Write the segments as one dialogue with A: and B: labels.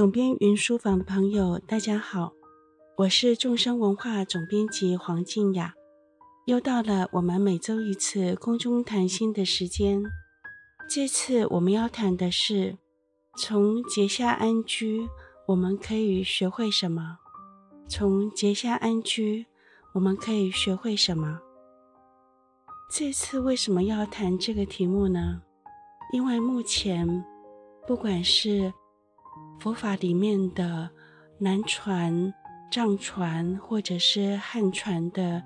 A: 總編雲書房的朋友，大家好，我是眾生文化總編輯黃靜雅，又到了我們每周一次空中談心的時間。這次我們要談的是，從結夏安居我們可以學會什麼？從結夏安居我們可以學會什麼？這次為什麼要談這個題目呢？因為目前不管是佛法裡面的南傳、藏傳或者是漢傳的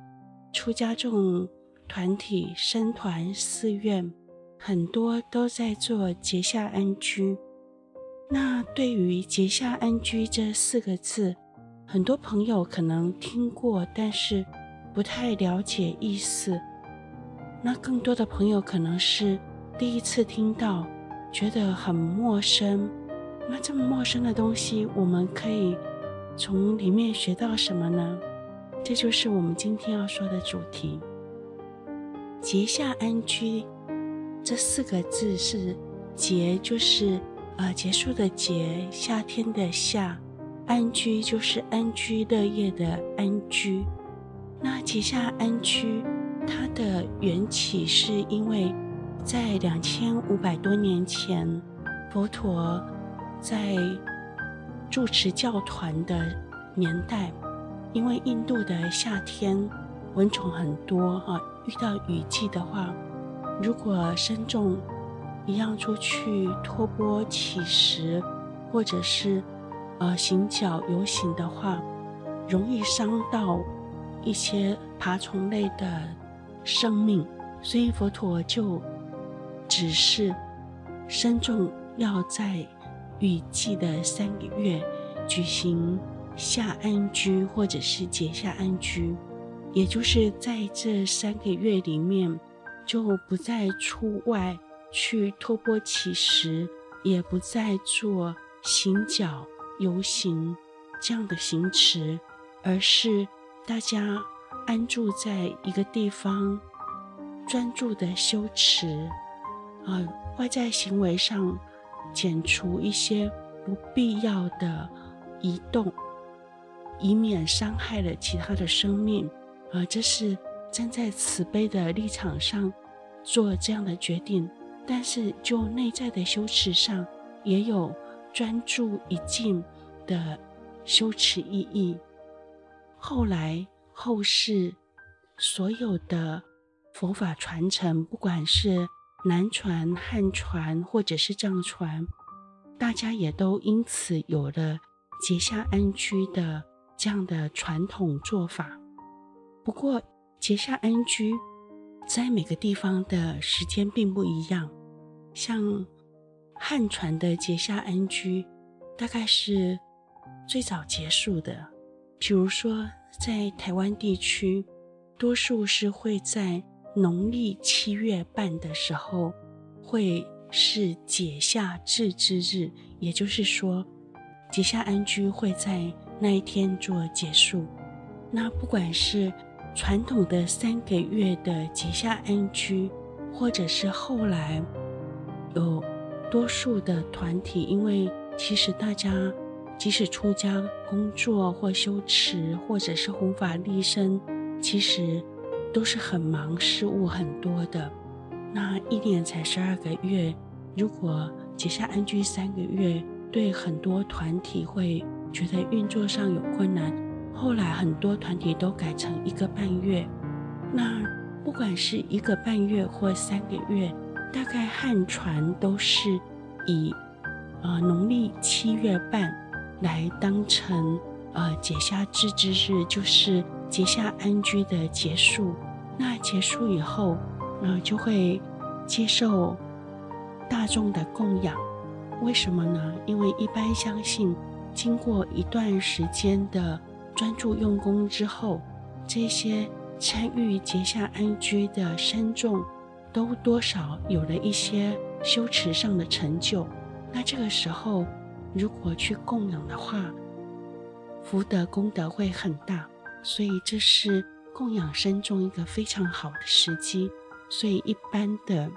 A: 出家眾團體、僧團、寺院，很多都在做結夏安居。那對於“結夏安居”這四個字，很多朋友可能聽過，但是不太了解意思。那更多的朋友可能是第一次聽到，覺得很陌生。那這麼陌生的東西，我們可以從裡面學到什麼呢？這就是我們今天要說的主題：“結夏安居”。這四個字是“結”，就是呃結束的“結”；夏天的“夏”；安居就是安居樂業的“安居”。那“結夏安居”它的緣起是因為在兩千五百多年前，佛陀在住持教團的年代，因為印度的夏天蚊蟲很多哈，遇到雨季的話，如果僧眾一樣出去托缽乞食，或者是呃行腳遊行的話，容易傷到一些爬蟲類的生命，所以佛陀就指示僧眾要在。雨季的三個月，舉行夏安居或者是結夏安居，也就是在這三個月裡面，就不再出外去托缽乞食，也不再做行腳遊行這樣的行持，而是大家安住在一個地方，專注的修持，啊、呃，外在行為上。減除一些不必要的移動，以免傷害了其他的生命，而這是站在慈悲的立場上，做這樣的決定。但是就內在的修持上，也有專注一境的修持意義。後來後世所有的佛法傳承，不管是。南傳、漢傳或者是藏傳，大家也都因此有了結夏安居的這樣的傳統做法。不過，結夏安居在每個地方的時間並不一樣。像漢傳的結夏安居，大概是最早結束的。比如說，在台灣地區，多數是會在。農曆七月半的時候，會是解夏至之日，也就是說，解夏安居會在那一天做結束。那不管是傳統的三個月的解夏安居，或者是後來有多數的團體，因為其實大家即使出家工作或修持，或者是弘法利生，其實。都是很忙，事務很多的。那一年才十二個月，如果結夏安居三個月，對很多團體會覺得運作上有困難。後來很多團體都改成一個半月。那不管是一個半月或三個月，大概漢傳都是以呃農曆七月半來當成呃解夏之日，就是。結夏安居的結束，那結束以後，呃，就會接受大眾的供養。為什麼呢？因為一般相信，經過一段時間的專注用功之後，這些參與結夏安居的僧眾，都多少有了一些修持上的成就。那這個時候，如果去供養的話，福德功德會很大。所以這是供養僧眾一個非常好的時機，所以一般的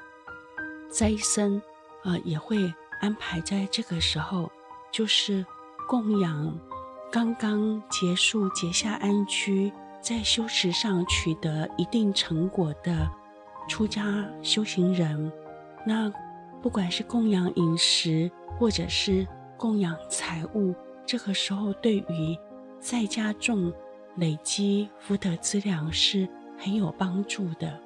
A: 齋僧啊也會安排在這個時候，就是供養剛剛結束結夏安居，在修持上取得一定成果的出家修行人。那不管是供養飲食，或者是供養財物，這個時候對於在家眾，累積福德資糧是很有幫助的，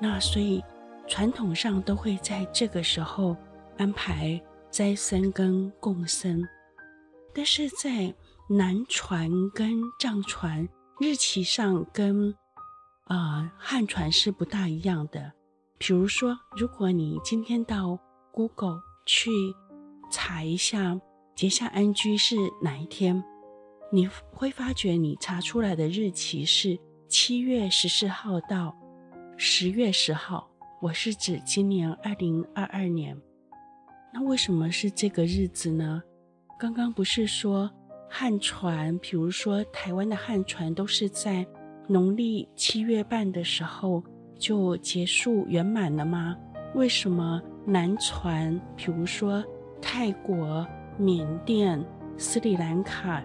A: 那所以傳統上都會在這個時候安排齋僧跟供僧。但是在南傳跟藏傳日期上跟啊、呃、漢傳是不大一樣的。比如說，如果你今天到 Google 去查一下結夏安居是哪一天。你會發覺，你查出來的日期是七月十四號到十月十號。我是指今年二零二二年。那為什麼是這個日子呢？剛剛不是說漢傳，比如說台灣的漢傳都是在農曆七月半的時候就結束圓滿了嗎？為什麼南傳，比如說泰國、緬甸、斯里蘭卡、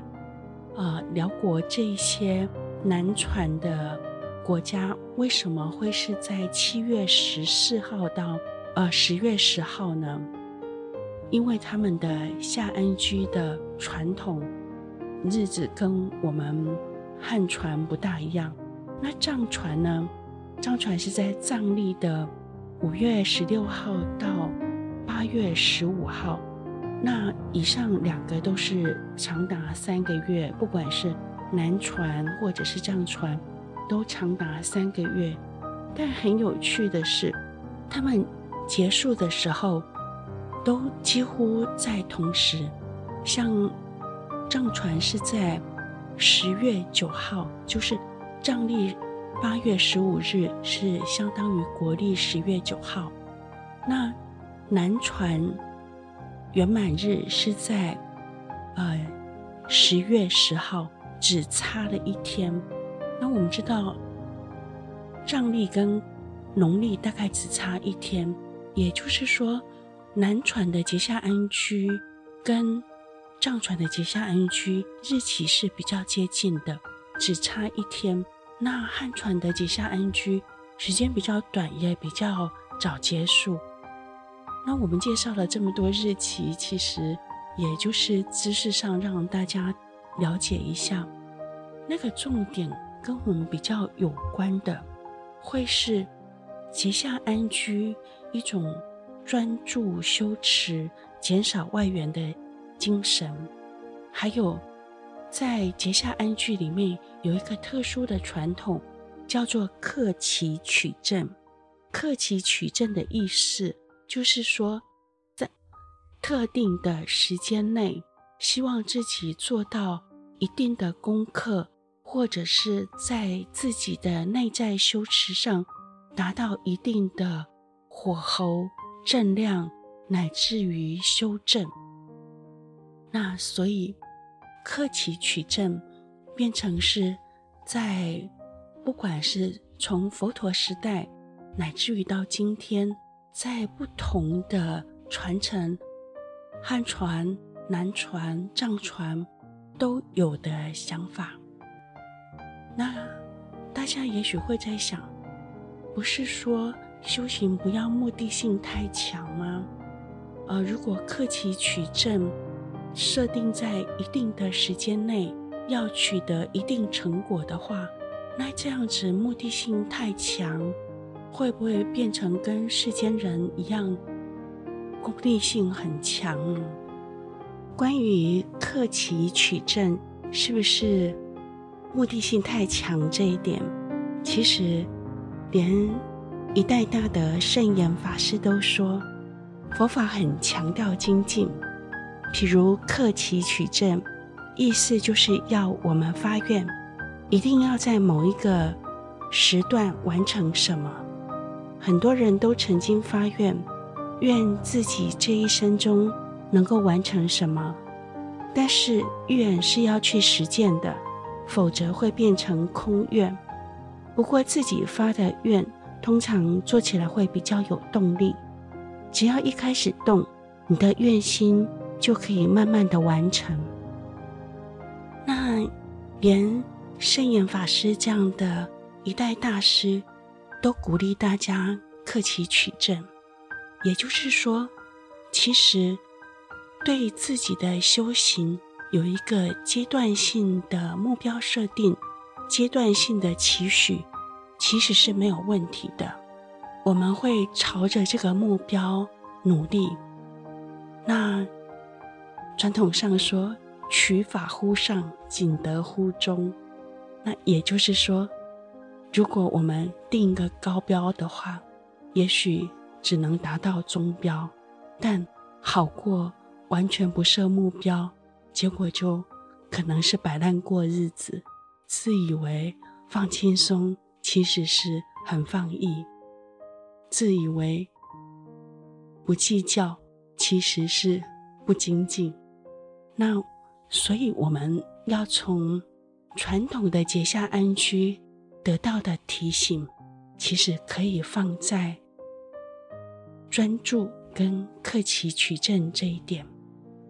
A: 呃，寮國這些南傳的國家，為什麼會是在七月十四號到呃十月十號呢？因為他們的夏安居的傳統日子跟我們漢傳不大一樣。那藏傳呢？藏傳是在藏曆的五月十六號到八月十五號。那以上兩個都是長達三個月，不管是南傳或者是藏傳，都長達三個月。但很有趣的是，他們結束的時候都幾乎在同時。像藏傳是在十月九號，就是藏曆八月十五日，是相當於國曆十月九號。那南傳。圓滿日是在，呃，十月十號，只差了一天。那我們知道，藏曆跟農曆大概只差一天，也就是說，南傳的結夏安居跟藏傳的結夏安居日期是比較接近的，只差一天。那漢傳的結夏安居時間比較短，也比較早結束。那我們介紹了這麼多日期，其實也就是知識上讓大家了解一下。那個重點跟我們比較有關的，會是結夏安居一種專注修持、減少外援的精神。還有，在結夏安居裡面有一個特殊的傳統，叫做剋期取證。剋期取證的意思。就是說，在特定的時間內，希望自己做到一定的功課，或者是在自己的內在修持上達到一定的火候、證量，乃至於修證。那所以，剋期取證，變成是在不管是從佛陀時代，乃至於到今天。在不同的傳承，漢傳、南傳、藏傳都有的想法。那大家也許會在想，不是說修行不要目的性太強嗎？呃，如果剋期取證，設定在一定的時間內要取得一定成果的話，那這樣子目的性太強。會不會變成跟世間人一樣，功利性很強？關於剋期取證，是不是目的性太強？這一點，其實連一代大德聖嚴法師都說，佛法很強調精進，譬如剋期取證，意思就是要我們發願，一定要在某一個時段完成什麼。很多人都曾經發願，願自己這一生中能夠完成什麼，但是願是要去實踐的，否則會變成空願。不過自己發的願，通常做起來會比較有動力。只要一開始動，你的願心就可以慢慢的完成。那連聖嚴法師這樣的一代大師。都鼓勵大家克期取證，也就是說，其實對自己的修行有一個階段性的目標設定、階段性的期許，其實是沒有問題的。我們會朝着這個目標努力。那傳統上說，取法乎上，僅得乎中。那也就是說。如果我們定一個高標的話，也許只能達到中標，但好過完全不設目標，結果就可能是擺爛過日子。自以為放輕鬆，其實是很放逸；自以為不計較，其實是不精進。那所以我們要從傳統的結夏安居。得到的提醒，其實可以放在專注跟剋期取證這一點，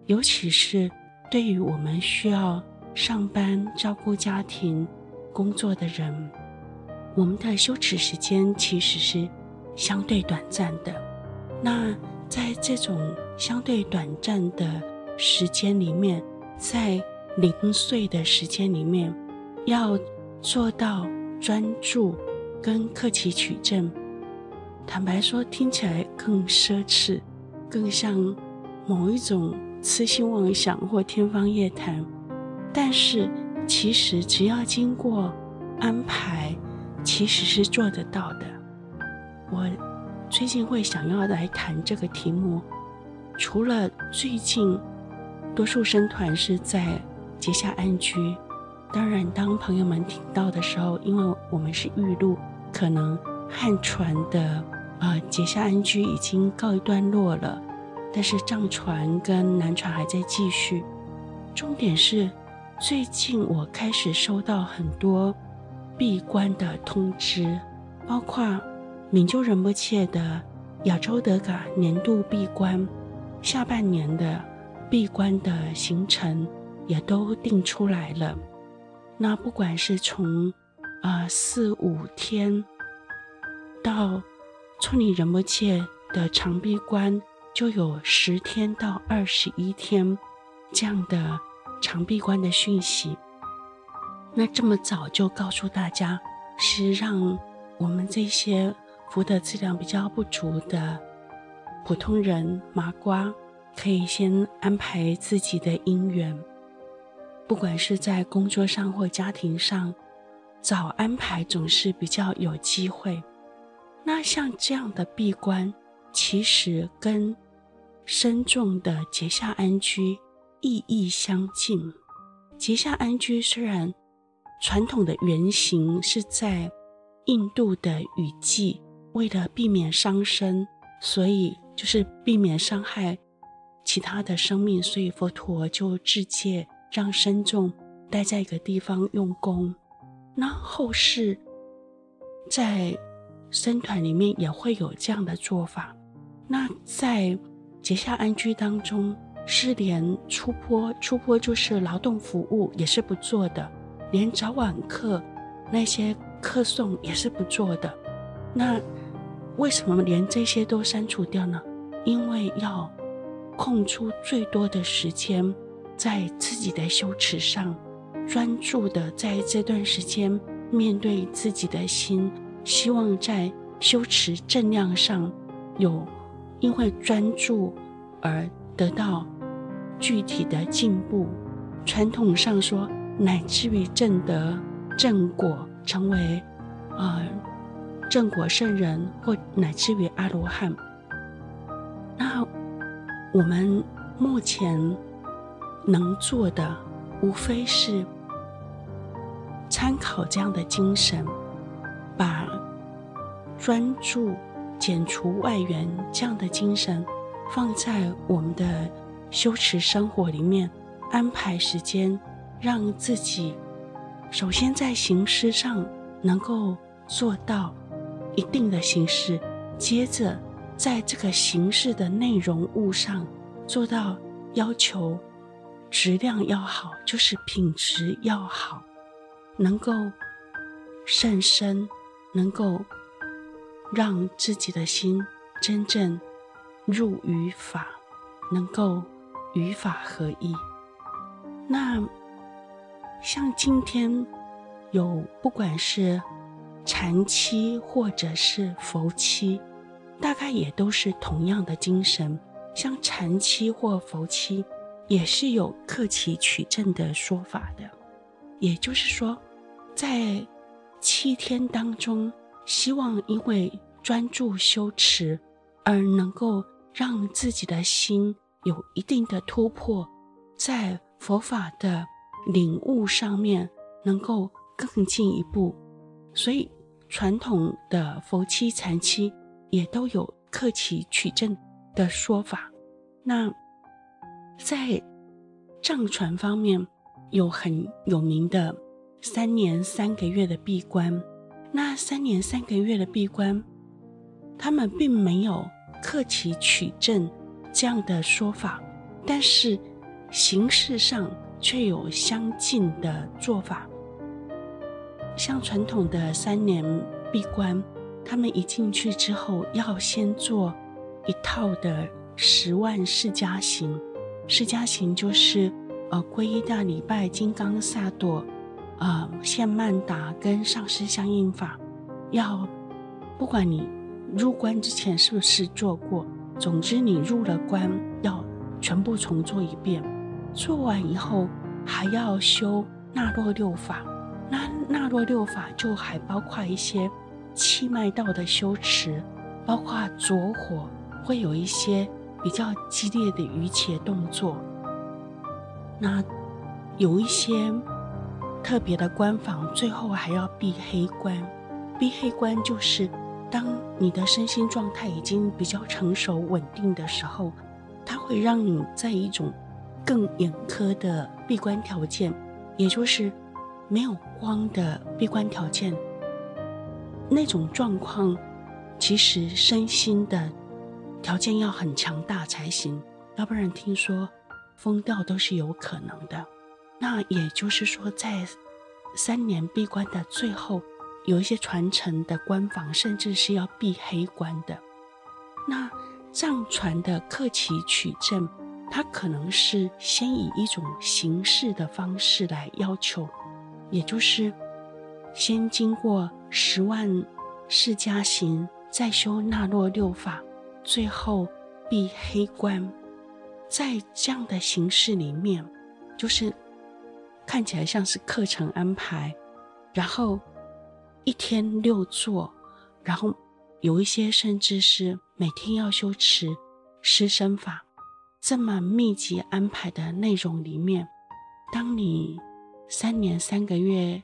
A: 尤其是對於我們需要上班、照顧家庭、工作的人，我們的修持時間其實是相對短暫的。那在這種相對短暫的時間裡面，在零碎的時間裡面，要做到。專注跟剋期取證，坦白說聽起來更奢侈，更像某一種癡心妄想或天方夜譚。但是其實只要經過安排，其實是做得到的。我最近會想要來談這個題目，除了最近多數僧團是在結夏安居。當然，當朋友們聽到的時候，因為我們是預錄，可能漢傳的呃結夏安居已經告一段落了，但是藏傳跟南傳還在繼續。重點是，最近我開始收到很多閉關的通知，包括明就仁波切的亞洲德嘎年度閉關，下半年的閉關的行程也都定出來了。那不管是從，呃四五天，到處里仁波切的長閉關，就有十天到二十一天這樣的長閉關的訊息。那這麼早就告訴大家，是讓我們這些福德資糧比較不足的普通人、麻瓜，可以先安排自己的因緣。不管是在工作上或家庭上，早安排總是比較有機會。那像這樣的閉關，其實跟深重的結夏安居意義相近。結夏安居雖然傳統的原型是在印度的雨季，為了避免傷生，所以就是避免傷害其他的生命，所以佛陀就制戒，讓僧眾待在一個地方用功，那後世在僧團裡面也會有這樣的做法。那在結夏安居當中，是連出坡、出坡就是勞動服務也是不做的，連早晚課那些課誦也是不做的。那為什麼連這些都刪除掉呢？因為要空出最多的時間。在自己的修持上，專注的在這段時間面對自己的心，希望在修持正量上有因為專注而得到具體的進步。傳統上說，乃至於證得、正果，成為呃正果聖人，或乃至於阿羅漢。那我們目前，能做的無非是參考這樣的精神，把專注、減除外緣這樣的精神放在我們的修持生活裡面，安排時間，讓自己首先在形式上能夠做到一定的形式，接着在這個形式的內容物上做到要求。質量要好，就是品質要好，能夠甚深，能夠讓自己的心真正入於法，能夠與法合一。那像今天有不管是禪期或者是佛期，大概也都是同樣的精神。像禪期或佛期。也是有剋期取證的說法的，也就是說，在七天當中，希望因為專注修持而能夠讓自己的心有一定的突破，在佛法的領悟上面能夠更進一步。所以，傳統的佛七禪七也都有剋期取證的說法。那。在藏傳方面，有很有名的三年三個月的閉關。那三年三個月的閉關，他們並沒有“剋期取證”這樣的說法，但是形式上卻有相近的做法。像傳統的三年閉關，他們一進去之後，要先做一套的十萬世加行。四加行就是，呃，皈依大禮拜、金剛薩埵、呃，獻曼達跟上師相應法，要，不管你入關之前是不是做過，總之你入了關要全部重做一遍。做完以後還要修納洛六法，那納洛六法就還包括一些氣脈道的修持，包括拙火會有一些。比較激烈的瑜伽動作，那有一些特別的關房，最後還要閉黑關。閉黑關就是，當你的身心狀態已經比較成熟穩定的時候，它會讓你在一種更嚴苛的閉關條件，也就是沒有光的閉關條件。那種狀況，其實身心的。條件要很強大才行，要不然聽說瘋掉，都是有可能的。那也就是說，在三年閉關的最後，有一些傳承的關法，甚至是要閉黑關的。那藏傳的克期取證，它可能是先以一種形式的方式來要求，也就是先經過十萬四加行，再修那洛六法。最後閉黑關，在這樣的形式裡面，就是看起來像是課程安排，然後一天六座，然後有一些甚至是每天要修持施身法，這麼密集安排的內容裡面，當你三年三個月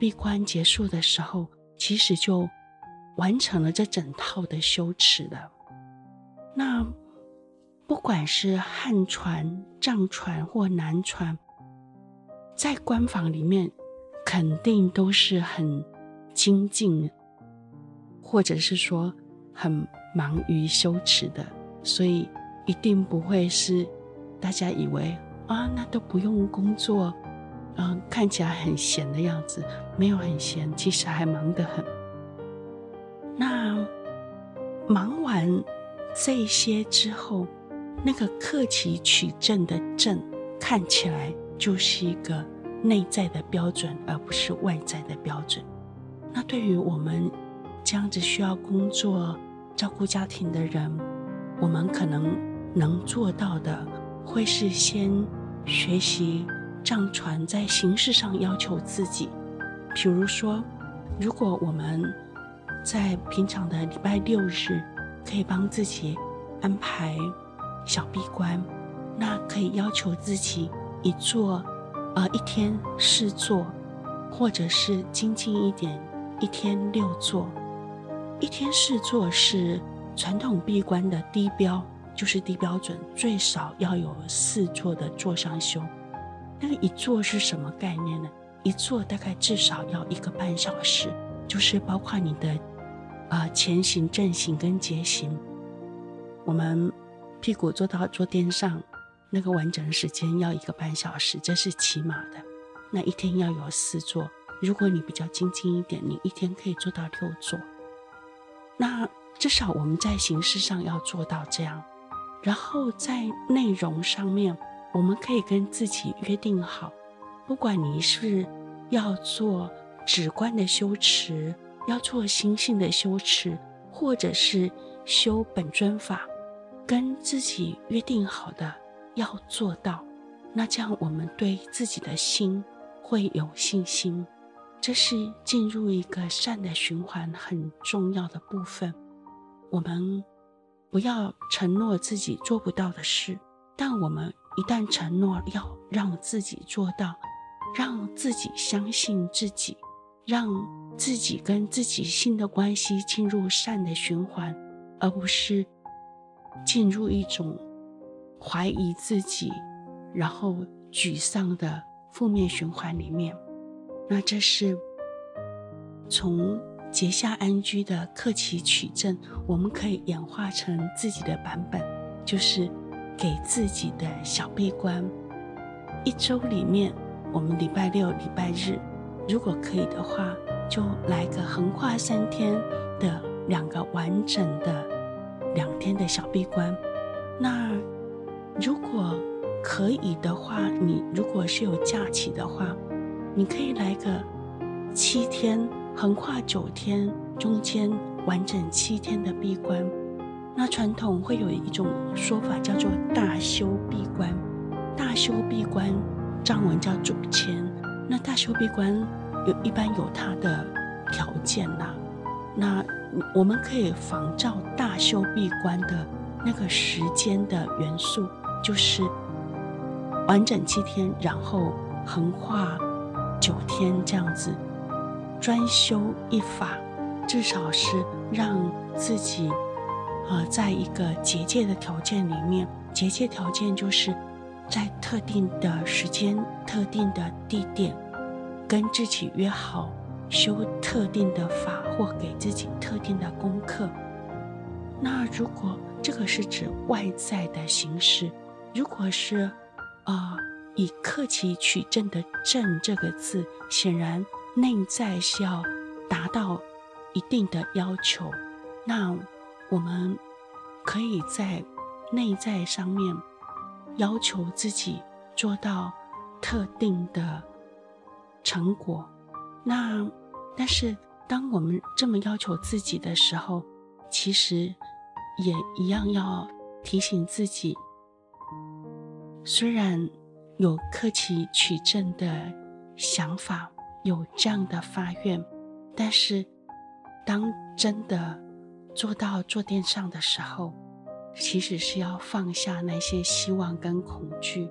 A: 閉關結束的時候，其實就完成了這整套的修持了。那不管是漢傳、藏傳或南傳，在官房裡面肯定都是很精進，或者是說很忙於修持的，所以一定不會是大家以為啊，那都不用工作，嗯、呃，看起來很閒的樣子，沒有很閒，其實還忙得很。那忙完。這些之後，那個剋期取證的證，看起來就是一個內在的標準，而不是外在的標準。那對於我們這樣子需要工作、照顧家庭的人，我們可能能做到的，會是先學習、藏傳在形式上要求自己。比如說，如果我們在平常的禮拜六日。可以幫自己安排小閉關，那可以要求自己一坐，呃，一天四坐，或者是精進一點，一天六坐。一天四坐是傳統閉關的低標，就是低標準，最少要有四坐的坐上修。那個、一坐是什麼概念呢？一坐大概至少要一個半小時，就是包括你的。啊，前行、正行跟結行，我們屁股坐到坐墊上，那個完整的時間要一個半小時，這是起碼的。那一天要有四座，如果你比較精進一點，你一天可以做到六座。那至少我們在形式上要做到這樣，然後在內容上面，我們可以跟自己約定好，不管你是要做直觀的修持。要做心性的修持，或者是修本尊法，跟自己約定好的要做到，那這樣我們對自己的心會有信心，這是進入一個善的循環很重要的部分。我們不要承諾自己做不到的事，但我們一旦承諾要讓自己做到，讓自己相信自己。讓自己跟自己心的關係進入善的循環，而不是進入一種懷疑自己，然後沮喪的負面循環裡面。那這是從結夏安居的剋期取證，我們可以演化成自己的版本，就是給自己的小閉關。一周裡面，我們禮拜六、禮拜日。如果可以的話，就來個橫跨三天的兩個完整的兩天的小閉關。那如果可以的話，你如果是有假期的話，你可以來個七天，橫跨九天中間完整七天的閉關。那傳統會有一種說法叫做大修閉關，大修閉關，藏文叫竹千。那大修閉關有一般有它的條件啦、啊，那我們可以仿照大修閉關的那個時間的元素，就是完整七天，然後橫跨九天這樣子，專修一法，至少是讓自己呃在一個結界的條件裡面，結界條件就是。在特定的時間、特定的地點，跟自己約好修特定的法，或給自己特定的功課。那如果這個是指外在的形式，如果是，呃，以剋期取證的證的“證”這個字，顯然內在是要達到一定的要求。那我們可以在內在上面。要求自己做到特定的成果，那但是當我們這麼要求自己的時候，其實也一樣要提醒自己，雖然有剋期取證的想法，有這樣的發願，但是當真的做到坐墊上的時候。其實是要放下那些希望跟恐懼，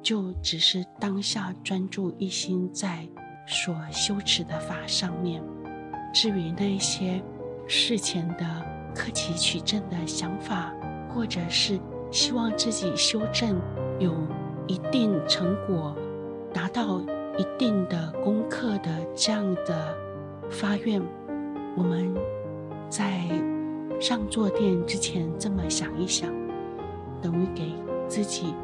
A: 就只是當下專注一心在所修持的法上面。至於那些事前的剋期取證的想法，或者是希望自己修證，有一定成果、達到一定的功課的這樣的發願，我們在。上坐墊之前這麼想一想，等於給自己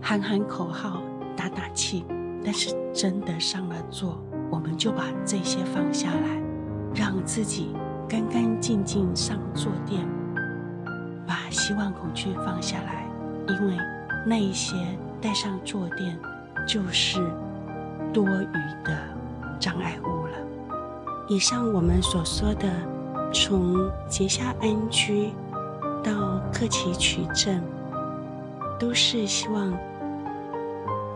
A: 喊喊口號、打打氣。但是真的上了座，我們就把這些放下來，讓自己乾干淨淨上坐墊，把希望、恐懼放下來，因為那一些帶上坐墊就是多餘的障礙物了。以上我們所說的。從結夏安居到剋期取證，都是希望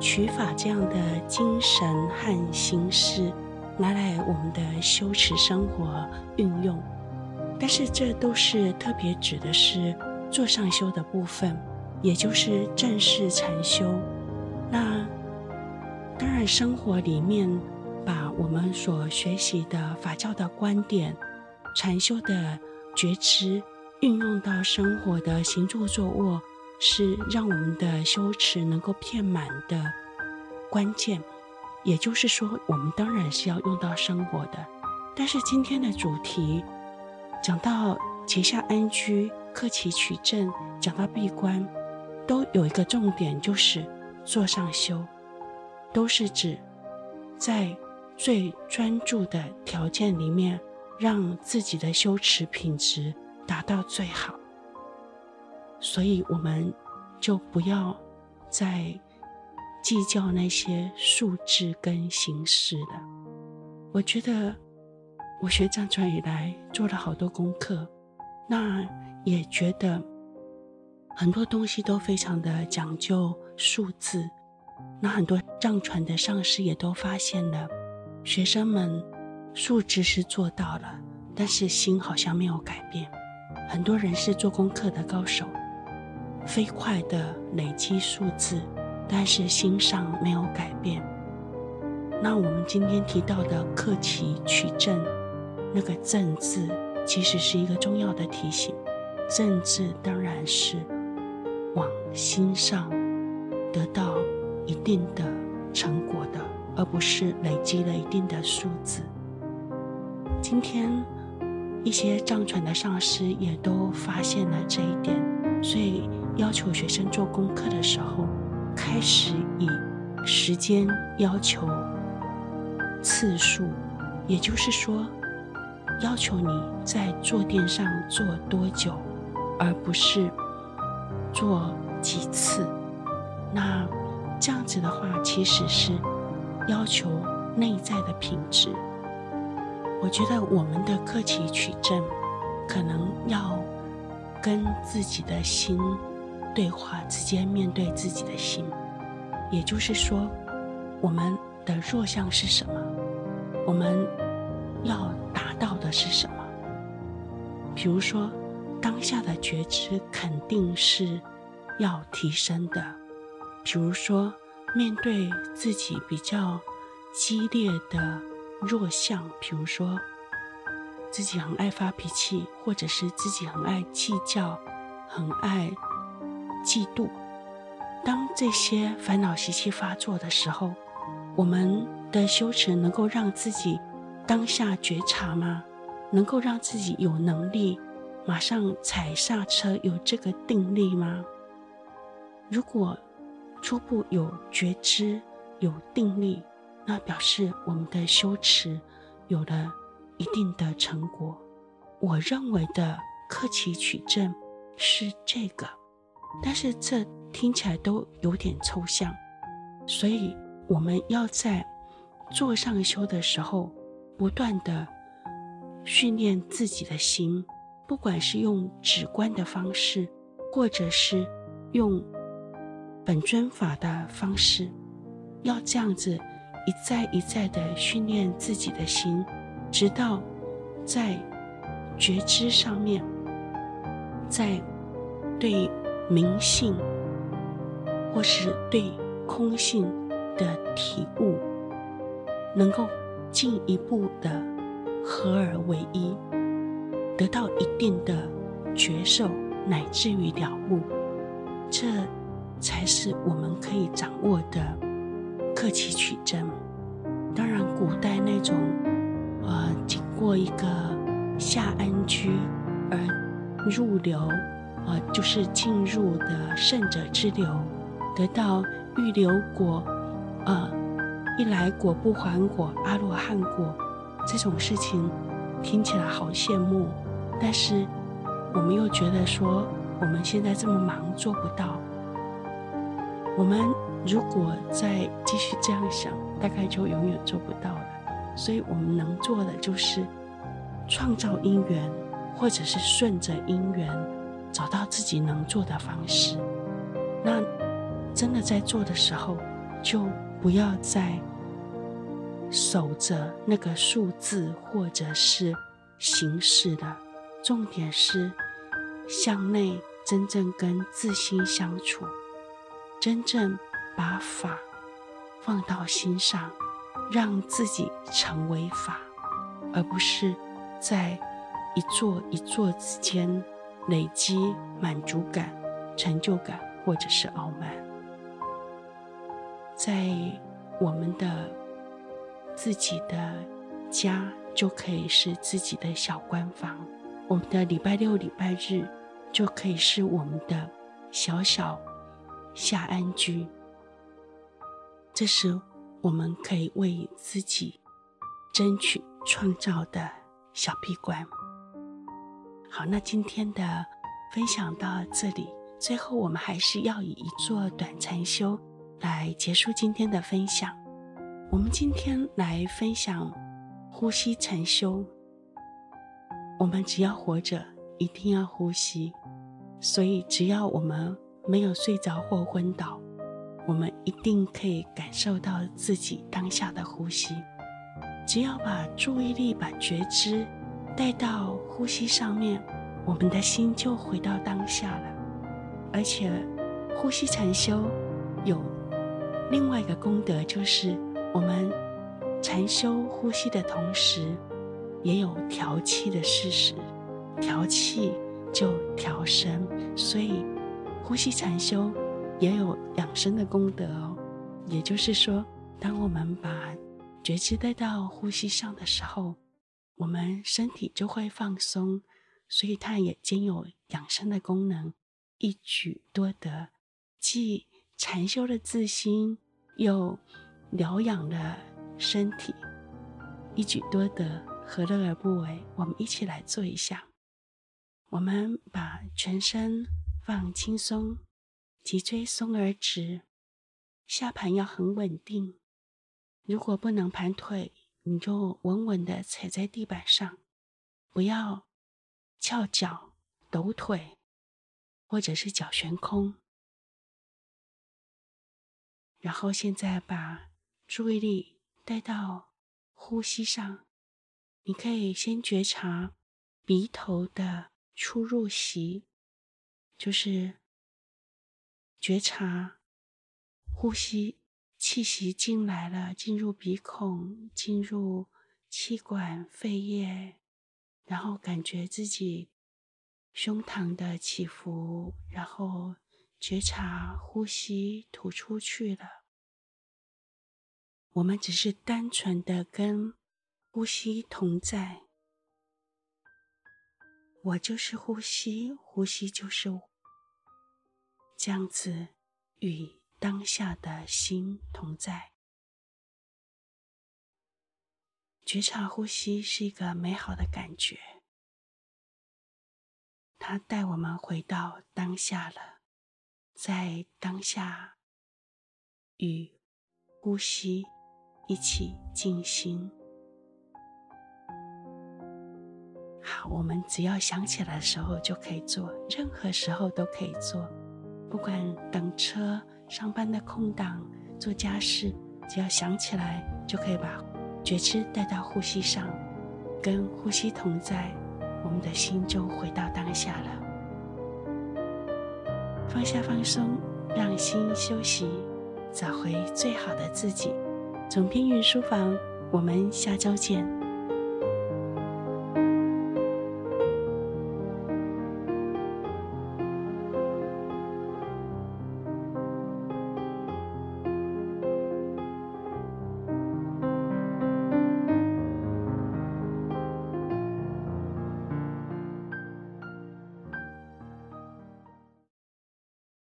A: 取法這樣的精神和形式，拿來我們的修持生活運用。但是這都是特別指的是坐上修的部分，也就是正式禪修。那當然，生活裡面把我們所學習的法教的觀點。禪修的覺知運用到生活的行住坐臥，是讓我們的修持能夠遍滿的關鍵。也就是說，我們當然是要用到生活的。但是今天的主題講到結夏安居、剋期取證，講到閉關，都有一個重點，就是坐上修，都是指在最專注的條件裡面。讓自己的修持品質達到最好，所以我們就不要再計較那些數字跟形式了。我覺得我學藏傳以來做了好多功課，那也覺得很多東西都非常的講究數字。那很多藏傳的上師也都發現了，學生們。數字是做到了，但是心好像沒有改變。很多人是做功課的高手，飛快的累積數字，但是心上沒有改變。那我們今天提到的剋期取證，那個「證」字其實是一個重要的提醒。「證」字當然是往心上得到一定的成果的，而不是累積了一定的數字。今天，一些藏傳的上師也都發現了這一點，所以要求學生做功課的時候，開始以時間要求次數，也就是說，要求你在坐墊上坐多久，而不是做幾次。那這樣子的話，其實是要求內在的品質。我覺得我們的剋期取證，可能要跟自己的心對話之間，直接面對自己的心。也就是說，我們的弱項是什麼？我們要達到的是什麼？比如說，當下的覺知肯定是要提升的。比如說，面對自己比較激烈的。若像，比如說自己很愛發脾氣，或者是自己很愛計較、很愛嫉妒，當這些煩惱習氣發作的時候，我們的修持能夠讓自己當下覺察嗎？能夠讓自己有能力馬上踩剎車，有這個定力嗎？如果初步有覺知、有定力，那表示我們的修持有了一定的成果。我認為的剋期取證是這個，但是這聽起來都有點抽象，所以我們要在座上修的時候，不斷的訓練自己的心，不管是用止觀的方式，或者是用本尊法的方式，要這樣子。一再一再地訓練自己的心，直到在覺知上面，在對明性或是對空性的體悟，能夠進一步地合而為一，得到一定的覺受，乃至於了悟，這才是我們可以掌握的。剋期取證，當然，古代那種，呃，經過一個夏安居而入流，呃，就是進入的聖者之流，得到預流果，呃，一來果、不還果、阿羅漢果，這種事情聽起來好羨慕，但是我們又覺得說我們現在這麼忙做不到，我們。如果再繼續這樣想，大概就永遠做不到了。所以我們能做的就是創造因緣，或者是順着因緣，找到自己能做的方式。那真的在做的時候，就不要再守着那個數字或者是形式了。重點是向內真正跟自心相處，真正。把法放到心上，讓自己成為法，而不是在一座一座之間累積滿足感、成就感，或者是傲慢。在我們的自己的家，就可以是自己的小關房；我們的禮拜六、禮拜日，就可以是我們的小小夏安居。這是我們可以為自己爭取創造的小閉關。好，那今天的分享到這裡。最後，我們還是要以一座短禪修來結束今天的分享。我們今天來分享呼吸禪修。我們只要活着，一定要呼吸。所以，只要我們沒有睡着或昏倒。我們一定可以感受到自己當下的呼吸，只要把注意力、把覺知帶到呼吸上面，我們的心就回到當下了。而且，呼吸禪修有另外一個功德，就是我們禪修呼吸的同時，也有調氣的事實，調氣就調神。所以呼吸禪修。也有養生的功德哦。也就是說，當我們把覺知帶到呼吸上的時候，我們身體就會放鬆，所以它也兼有養生的功能，一舉多得，既禪修了自心，又療養了身體，一舉多得，何樂而不為？我們一起來做一下。我們把全身放輕鬆。脊椎鬆而直，下盤要很穩定。如果不能盤腿，你就穩穩地踩在地板上，不要翹腳、抖腿或者是腳懸空。然後現在把注意力帶到呼吸上，你可以先覺察鼻頭的出入息，就是。覺察呼吸，氣息進來了，進入鼻孔，進入氣管、肺葉，然後感覺自己胸膛的起伏，然後覺察呼吸吐出去了。我們只是單純的跟呼吸同在。我就是呼吸，呼吸就是我。這樣子，與當下的心同在。覺察呼吸是一個美好的感覺，它帶我們回到當下了，在當下與呼吸一起進行。好，我們只要想起來的時候就可以做，任何時候都可以做。不管等車、上班的空檔、做家事，只要想起來，就可以把覺知帶到呼吸上，跟呼吸同在，我們的心就回到當下了。放下、放鬆，讓心休息，找回最好的自己。總編雲書房，我們下周見。